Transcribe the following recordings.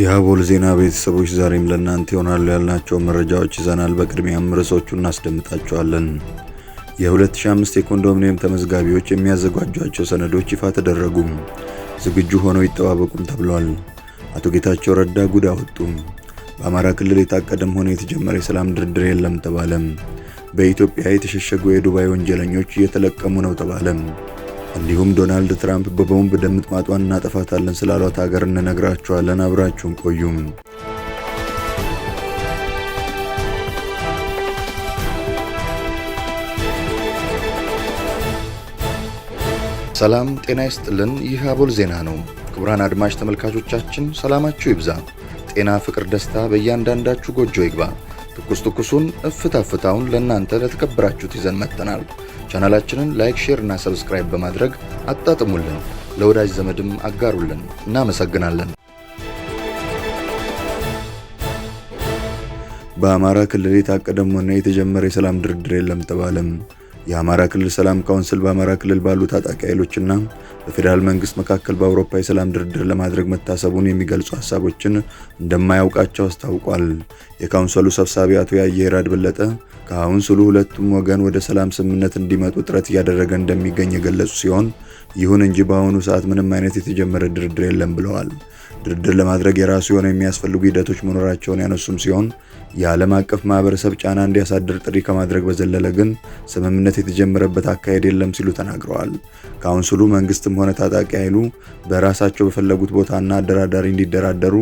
የአቦል ዜና ቤተሰቦች ዛሬም ለእናንተ ይሆናሉ ያልናቸው መረጃዎች ይዘናል። በቅድሚያም ርዕሶቹ እናስደምጣቸዋለን። የ2005 የኮንዶሚኒየም ተመዝጋቢዎች የሚያዘጋጇቸው ሰነዶች ይፋ ተደረጉ። ዝግጁ ሆነው ይጠባበቁም ተብሏል። አቶ ጌታቸው ረዳ ጉድ አወጡም። በአማራ ክልል የታቀደም ሆነ የተጀመረ የሰላም ድርድር የለም ተባለም። በኢትዮጵያ የተሸሸጉ የዱባይ ወንጀለኞች እየተለቀሙ ነው ተባለም። እንዲሁም ዶናልድ ትራምፕ በቦምብ ደምጥ ማጧን እናጠፋታለን ስላሏት ሀገር እንነግራችኋለን። አብራችሁን ቆዩም። ሰላም ጤና ይስጥልን። ይህ አቦል ዜና ነው። ክቡራን አድማጭ ተመልካቾቻችን ሰላማችሁ ይብዛ፣ ጤና፣ ፍቅር፣ ደስታ በእያንዳንዳችሁ ጎጆ ይግባ። ትኩስ ትኩሱን እፍታ ፍታውን ለእናንተ ለተከበራችሁት ይዘን መጥተናል። ቻናላችንን ላይክ፣ ሼር እና ሰብስክራይብ በማድረግ አጣጥሙልን፣ ለወዳጅ ዘመድም አጋሩልን። እናመሰግናለን። በአማራ ክልል የታቀደም ሆነ የተጀመረ የሰላም ድርድር የለም ተባለም። የአማራ ክልል ሰላም ካውንስል በአማራ ክልል ባሉ ታጣቂ ኃይሎችና በፌዴራል መንግስት መካከል በአውሮፓ የሰላም ድርድር ለማድረግ መታሰቡን የሚገልጹ ሀሳቦችን እንደማያውቃቸው አስታውቋል። የካውንስሉ ሰብሳቢ አቶ ያየራድ በለጠ ካውንስሉ ሁለቱም ወገን ወደ ሰላም ስምምነት እንዲመጡ ጥረት እያደረገ እንደሚገኝ የገለጹ ሲሆን ይሁን እንጂ በአሁኑ ሰዓት ምንም አይነት የተጀመረ ድርድር የለም ብለዋል። ድርድር ለማድረግ የራሱ የሆነ የሚያስፈልጉ ሂደቶች መኖራቸውን ያነሱም ሲሆን የዓለም አቀፍ ማህበረሰብ ጫና እንዲያሳድር ጥሪ ከማድረግ በዘለለ ግን ስምምነት የተጀመረበት አካሄድ የለም ሲሉ ተናግረዋል። ካውንስሉ መንግስትም ሆነ ታጣቂ ኃይሉ በራሳቸው በፈለጉት ቦታና አደራዳሪ እንዲደራደሩ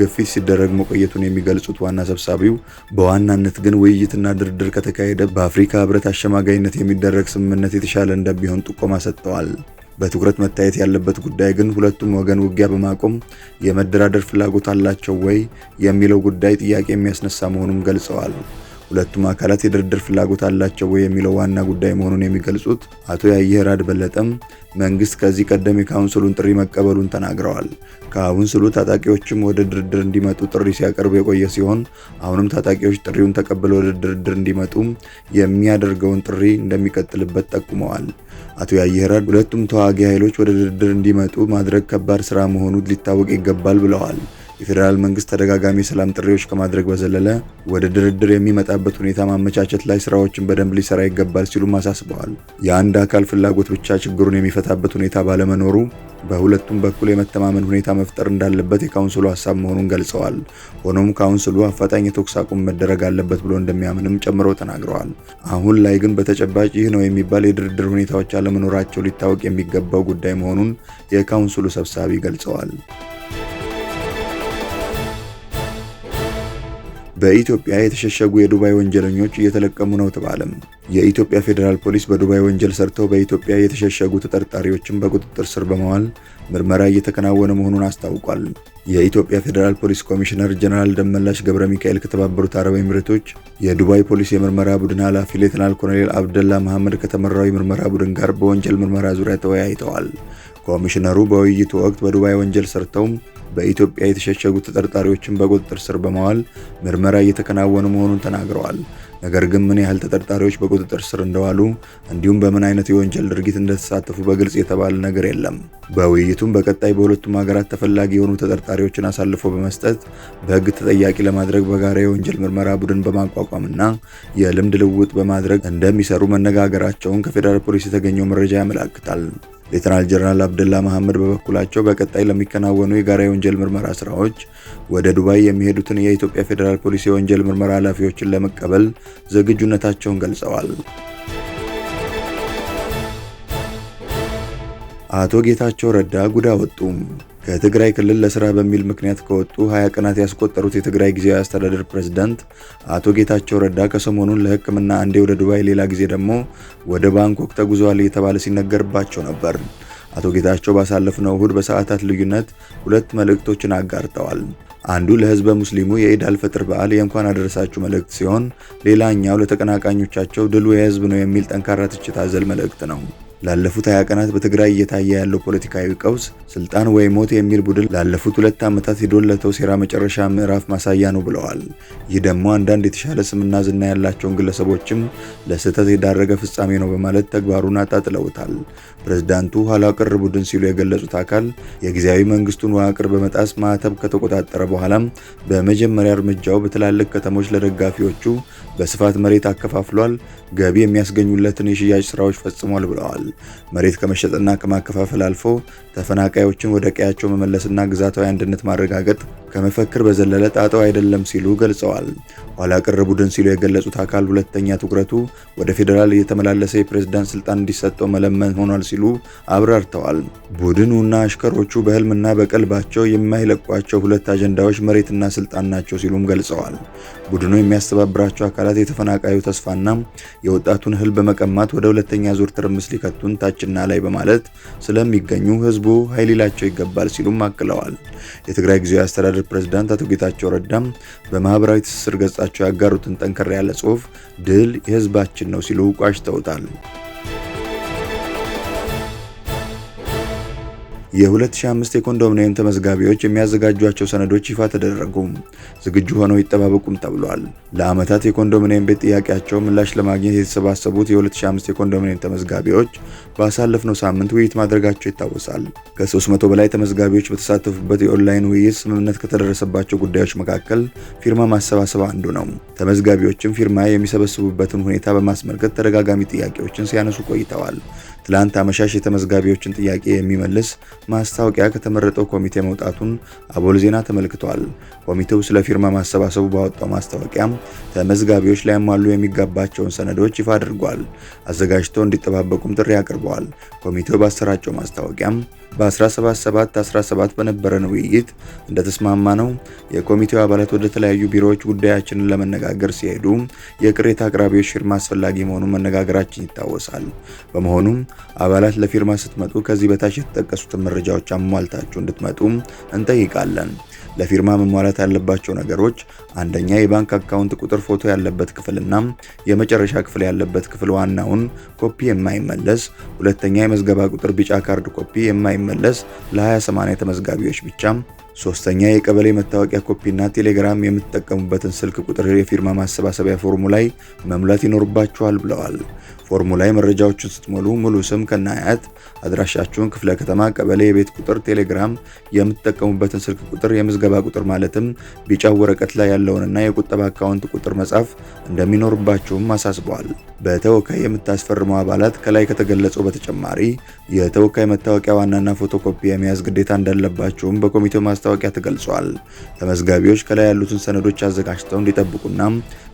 ግፊት ሲደረግ መቆየቱን የሚገልጹት ዋና ሰብሳቢው በዋናነት ግን ውይይትና ድርድር ከተካሄደ በአፍሪካ ህብረት አሸማጋይነት የሚደረግ ስምምነት የተሻለ እንደሚሆን ጥቆማ ሰጥተዋል። በትኩረት መታየት ያለበት ጉዳይ ግን ሁለቱም ወገን ውጊያ በማቆም የመደራደር ፍላጎት አላቸው ወይ የሚለው ጉዳይ ጥያቄ የሚያስነሳ መሆኑን ገልጸዋል። ሁለቱም አካላት የድርድር ፍላጎት አላቸው ወይ የሚለው ዋና ጉዳይ መሆኑን የሚገልጹት አቶ ራድ በለጠም መንግስት ከዚህ ቀደም የካውንስሉን ጥሪ መቀበሉን ተናግረዋል። ካውንስሉ ታጣቂዎችም ወደ ድርድር እንዲመጡ ጥሪ ሲያቀርቡ የቆየ ሲሆን አሁንም ታጣቂዎች ጥሪውን ተቀብለው ወደ ድርድር እንዲመጡ የሚያደርገውን ጥሪ እንደሚቀጥልበት ጠቁመዋል። አቶ ያየህራድ ሁለቱም ተዋጊ ኃይሎች ወደ ድርድር እንዲመጡ ማድረግ ከባድ ስራ መሆኑ ሊታወቅ ይገባል ብለዋል። የፌዴራል መንግስት ተደጋጋሚ የሰላም ጥሪዎች ከማድረግ በዘለለ ወደ ድርድር የሚመጣበት ሁኔታ ማመቻቸት ላይ ስራዎችን በደንብ ሊሰራ ይገባል ሲሉም አሳስበዋል። የአንድ አካል ፍላጎት ብቻ ችግሩን የሚፈታበት ሁኔታ ባለመኖሩ በሁለቱም በኩል የመተማመን ሁኔታ መፍጠር እንዳለበት የካውንስሉ ሀሳብ መሆኑን ገልጸዋል። ሆኖም ካውንስሉ አፋጣኝ የተኩስ አቁም መደረግ አለበት ብሎ እንደሚያምንም ጨምረው ተናግረዋል። አሁን ላይ ግን በተጨባጭ ይህ ነው የሚባል የድርድር ሁኔታዎች አለመኖራቸው ሊታወቅ የሚገባው ጉዳይ መሆኑን የካውንስሉ ሰብሳቢ ገልጸዋል። በኢትዮጵያ የተሸሸጉ የዱባይ ወንጀለኞች እየተለቀሙ ነው ተባለም። የኢትዮጵያ ፌዴራል ፖሊስ በዱባይ ወንጀል ሰርተው በኢትዮጵያ የተሸሸጉ ተጠርጣሪዎችን በቁጥጥር ስር በመዋል ምርመራ እየተከናወነ መሆኑን አስታውቋል። የኢትዮጵያ ፌዴራል ፖሊስ ኮሚሽነር ጀነራል ደመላሽ ገብረ ሚካኤል ከተባበሩት አረብ ኤምሬቶች የዱባይ ፖሊስ የምርመራ ቡድን ኃላፊ ሌተናል ኮሎኔል አብደላ መሐመድ ከተመራው የምርመራ ቡድን ጋር በወንጀል ምርመራ ዙሪያ ተወያይተዋል። ኮሚሽነሩ በውይይቱ ወቅት በዱባይ ወንጀል ሰርተውም በኢትዮጵያ የተሸሸጉ ተጠርጣሪዎችን በቁጥጥር ስር በመዋል ምርመራ እየተከናወኑ መሆኑን ተናግረዋል። ነገር ግን ምን ያህል ተጠርጣሪዎች በቁጥጥር ስር እንደዋሉ እንዲሁም በምን አይነት የወንጀል ድርጊት እንደተሳተፉ በግልጽ የተባለ ነገር የለም። በውይይቱም በቀጣይ በሁለቱም ሀገራት ተፈላጊ የሆኑ ተጠርጣሪዎችን አሳልፎ በመስጠት በሕግ ተጠያቂ ለማድረግ በጋራ የወንጀል ምርመራ ቡድን በማቋቋምና የልምድ ልውውጥ በማድረግ እንደሚሰሩ መነጋገራቸውን ከፌዴራል ፖሊስ የተገኘው መረጃ ያመላክታል። ሌተናል ጀነራል አብደላ መሐመድ በበኩላቸው በቀጣይ ለሚከናወኑ የጋራ የወንጀል ምርመራ ስራዎች ወደ ዱባይ የሚሄዱትን የኢትዮጵያ ፌዴራል ፖሊስ የወንጀል ምርመራ ኃላፊዎችን ለመቀበል ዝግጁነታቸውን ገልጸዋል። አቶ ጌታቸው ረዳ ጉዳ ወጡም ከትግራይ ክልል ለስራ በሚል ምክንያት ከወጡ 20 ቀናት ያስቆጠሩት የትግራይ ጊዜያዊ አስተዳደር ፕሬዝዳንት አቶ ጌታቸው ረዳ ከሰሞኑን ለሕክምና አንዴ ወደ ዱባይ ሌላ ጊዜ ደግሞ ወደ ባንኮክ ተጉዘዋል እየተባለ ሲነገርባቸው ነበር። አቶ ጌታቸው ባሳለፍነው እሁድ በሰዓታት ልዩነት ሁለት መልእክቶችን አጋርተዋል። አንዱ ለህዝበ ሙስሊሙ የኢድ አልፈጥር በዓል የእንኳን አደረሳችሁ መልእክት ሲሆን፣ ሌላኛው ለተቀናቃኞቻቸው ድሉ የህዝብ ነው የሚል ጠንካራ ትችት አዘል መልእክት ነው። ላለፉት 20 ቀናት በትግራይ እየታየ ያለው ፖለቲካዊ ቀውስ ስልጣን ወይ ሞት የሚል ቡድን ላለፉት ሁለት ዓመታት የዶለተው ሴራ መጨረሻ ምዕራፍ ማሳያ ነው ብለዋል። ይህ ደግሞ አንዳንድ የተሻለ ስምና ዝና ያላቸውን ግለሰቦችም ለስህተት የዳረገ ፍጻሜ ነው በማለት ተግባሩን አጣጥለውታል። ፕሬዝዳንቱ ኋላ ቅር ቡድን ሲሉ የገለጹት አካል የጊዜያዊ መንግስቱን መዋቅር በመጣስ ማዕተብ ከተቆጣጠረ በኋላም በመጀመሪያ እርምጃው በትላልቅ ከተሞች ለደጋፊዎቹ በስፋት መሬት አከፋፍሏል፣ ገቢ የሚያስገኙለትን የሽያጭ ስራዎች ፈጽሟል ብለዋል። መሬት ከመሸጥና ከማከፋፈል አልፎ ተፈናቃዮችን ወደ ቀያቸው መመለስና ግዛታዊ አንድነት ማረጋገጥ ከመፈክር በዘለለ ጣጣው አይደለም ሲሉ ገልጸዋል። ኋላ ቀር ቡድን ሲሉ የገለጹት አካል ሁለተኛ ትኩረቱ ወደ ፌዴራል እየተመላለሰ የፕሬዝዳንት ስልጣን እንዲሰጠው መለመን ሆኗል ሲሉ አብራርተዋል። ቡድኑና አሽከሮቹ በህልምና በቀልባቸው የማይለቋቸው ሁለት አጀንዳዎች መሬትና ስልጣን ናቸው ሲሉም ገልጸዋል። ቡድኑ የሚያስተባብራቸው አካላት የተፈናቃዩ ተስፋና የወጣቱን እህል በመቀማት ወደ ሁለተኛ ዙር ትርምስ ሊከቱን ታችና ላይ በማለት ስለሚገኙ ህዝቡ ኃይል ይገባል ሲሉም አክለዋል። የትግራይ ጊዜያዊ አስተዳደር ፕሬዝዳንት አቶ ጌታቸው ረዳም በማህበራዊ ትስስር ገጻቸው ያጋሩትን ጠንከር ያለ ጽሁፍ ድል የህዝባችን ነው ሲሉ ቋጭተውታል። የ2005 የኮንዶሚኒየም ተመዝጋቢዎች የሚያዘጋጇቸው ሰነዶች ይፋ ተደረጉ። ዝግጁ ሆነው ይጠባበቁም ተብሏል። ለዓመታት የኮንዶሚኒየም ቤት ጥያቄያቸው ምላሽ ለማግኘት የተሰባሰቡት የ2005 የኮንዶሚኒየም ተመዝጋቢዎች ባሳለፍነው ሳምንት ውይይት ማድረጋቸው ይታወሳል። ከ300 በላይ ተመዝጋቢዎች በተሳተፉበት የኦንላይን ውይይት ስምምነት ከተደረሰባቸው ጉዳዮች መካከል ፊርማ ማሰባሰብ አንዱ ነው። ተመዝጋቢዎችም ፊርማ የሚሰበስቡበትን ሁኔታ በማስመልከት ተደጋጋሚ ጥያቄዎችን ሲያነሱ ቆይተዋል። ትላንት አመሻሽ የተመዝጋቢዎችን ጥያቄ የሚመልስ ማስታወቂያ ከተመረጠው ኮሚቴ መውጣቱን አቦል ዜና ተመልክቷል። ኮሚቴው ስለ ፊርማ ማሰባሰቡ ባወጣው ማስታወቂያ ተመዝጋቢዎች ሊያሟሉ የሚገባቸውን ሰነዶች ይፋ አድርጓል። አዘጋጅተው እንዲጠባበቁም ጥሪ አቅርበዋል። ኮሚቴው ባሰራጨው ማስታወቂያም በ17 17 በነበረን ውይይት እንደተስማማ ነው የኮሚቴው አባላት ወደ ተለያዩ ቢሮዎች ጉዳያችንን ለመነጋገር ሲሄዱ የቅሬታ አቅራቢዎች ፊርማ አስፈላጊ መሆኑን መነጋገራችን ይታወሳል። በመሆኑም አባላት ለፊርማ ስትመጡ ከዚህ በታች የተጠቀሱትን መረጃዎች አሟልታችሁ እንድትመጡ እንጠይቃለን። ለፊርማ መሟላት ያለባቸው ነገሮች አንደኛ የባንክ አካውንት ቁጥር ፎቶ ያለበት ክፍልና የመጨረሻ ክፍል ያለበት ክፍል ዋናውን ኮፒ የማይመለስ፣ ሁለተኛ የመዝገባ ቁጥር ቢጫ ካርድ ኮፒ የማይመለስ ለ 28 ተመዝጋቢዎች ብቻ ሶስተኛ የቀበሌ መታወቂያ ኮፒና ቴሌግራም የምትጠቀሙበትን ስልክ ቁጥር የፊርማ ማሰባሰቢያ ፎርሙ ላይ መሙላት ይኖርባቸዋል ብለዋል። ፎርሙ ላይ መረጃዎችን ስትሞሉ ሙሉ ስም ከናያት አድራሻችሁን፣ ክፍለ ከተማ፣ ቀበሌ፣ የቤት ቁጥር፣ ቴሌግራም፣ የምትጠቀሙበትን ስልክ ቁጥር፣ የምዝገባ ቁጥር ማለትም ቢጫ ወረቀት ላይ ያለውንና የቁጠባ አካውንት ቁጥር መጻፍ እንደሚኖርባችሁም አሳስበዋል። በተወካይ የምታስፈርመው አባላት ከላይ ከተገለጸው በተጨማሪ የተወካይ መታወቂያ ዋናና ፎቶኮፒ የመያዝ ግዴታ እንዳለባቸውም በኮሚቴው ማስታወቂያ ተገልጿል። ተመዝጋቢዎች ከላይ ያሉትን ሰነዶች አዘጋጅተው እንዲጠብቁና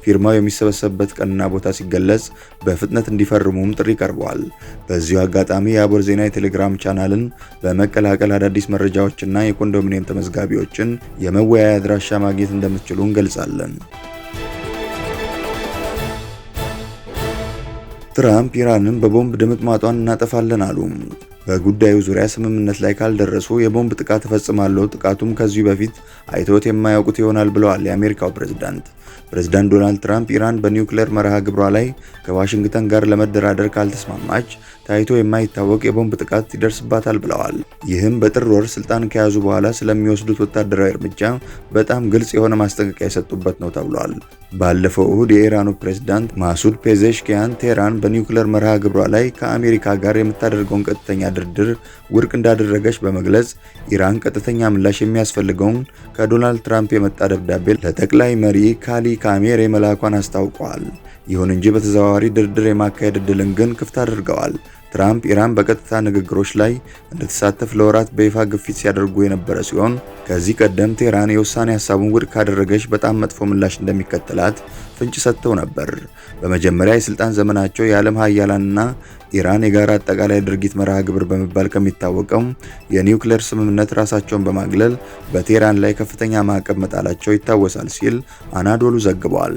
ፊርማው የሚሰበሰብበት ቀንና ቦታ ሲገለጽ በፍጥነት እንዲፈርሙም ጥሪ ቀርበዋል። በዚሁ አጋጣሚ የአቦል ዜና የቴሌግራም ቻናልን በመቀላቀል አዳዲስ መረጃዎችና የኮንዶሚኒየም ተመዝጋቢዎችን የመወያያ አድራሻ ማግኘት እንደምትችሉ እንገልጻለን። ትራምፕ ኢራንን በቦምብ ማጧን እናጠፋለን አሉ። በጉዳዩ ዙሪያ ስምምነት ላይ ካልደረሱ የቦምብ ጥቃት እፈጽማለሁ፣ ጥቃቱም ከዚሁ በፊት አይቶት የማያውቁት ይሆናል ብለዋል የአሜሪካው ፕሬዝዳንት። ፕሬዝዳንት ዶናልድ ትራምፕ ኢራን በኒውክሌር መርሃ ግብሯ ላይ ከዋሽንግተን ጋር ለመደራደር ካልተስማማች ታይቶ የማይታወቅ የቦምብ ጥቃት ይደርስባታል ብለዋል። ይህም በጥር ወር ስልጣን ከያዙ በኋላ ስለሚወስዱት ወታደራዊ እርምጃ በጣም ግልጽ የሆነ ማስጠንቀቂያ የሰጡበት ነው ተብሏል። ባለፈው እሁድ የኢራኑ ፕሬዝዳንት ማሱድ ፔዜሽኪያን ቴህራን በኒውክሌር መርሃ ግብሯ ላይ ከአሜሪካ ጋር የምታደርገውን ቀጥተኛ ድርድር ውድቅ እንዳደረገች በመግለጽ ኢራን ቀጥተኛ ምላሽ የሚያስፈልገውን ከዶናልድ ትራምፕ የመጣ ደብዳቤ ለጠቅላይ መሪ ካሊ ካሜሬ መላኳን አስታውቀዋል። ይሁን እንጂ በተዘዋዋሪ ድርድር የማካሄድ እድልን ግን ክፍት አድርገዋል። ትራምፕ ኢራን በቀጥታ ንግግሮች ላይ እንድትሳተፍ ለወራት በይፋ ግፊት ሲያደርጉ የነበረ ሲሆን ከዚህ ቀደም ቴህራን የውሳኔ ሀሳቡን ውድቅ ካደረገች በጣም መጥፎ ምላሽ እንደሚከተላት ፍንጭ ሰጥተው ነበር። በመጀመሪያ የስልጣን ዘመናቸው የዓለም ሀያላንና ኢራን የጋራ አጠቃላይ ድርጊት መርሃ ግብር በመባል ከሚታወቀው የኒውክሌር ስምምነት ራሳቸውን በማግለል በቴህራን ላይ ከፍተኛ ማዕቀብ መጣላቸው ይታወሳል ሲል አናዶሉ ዘግቧል።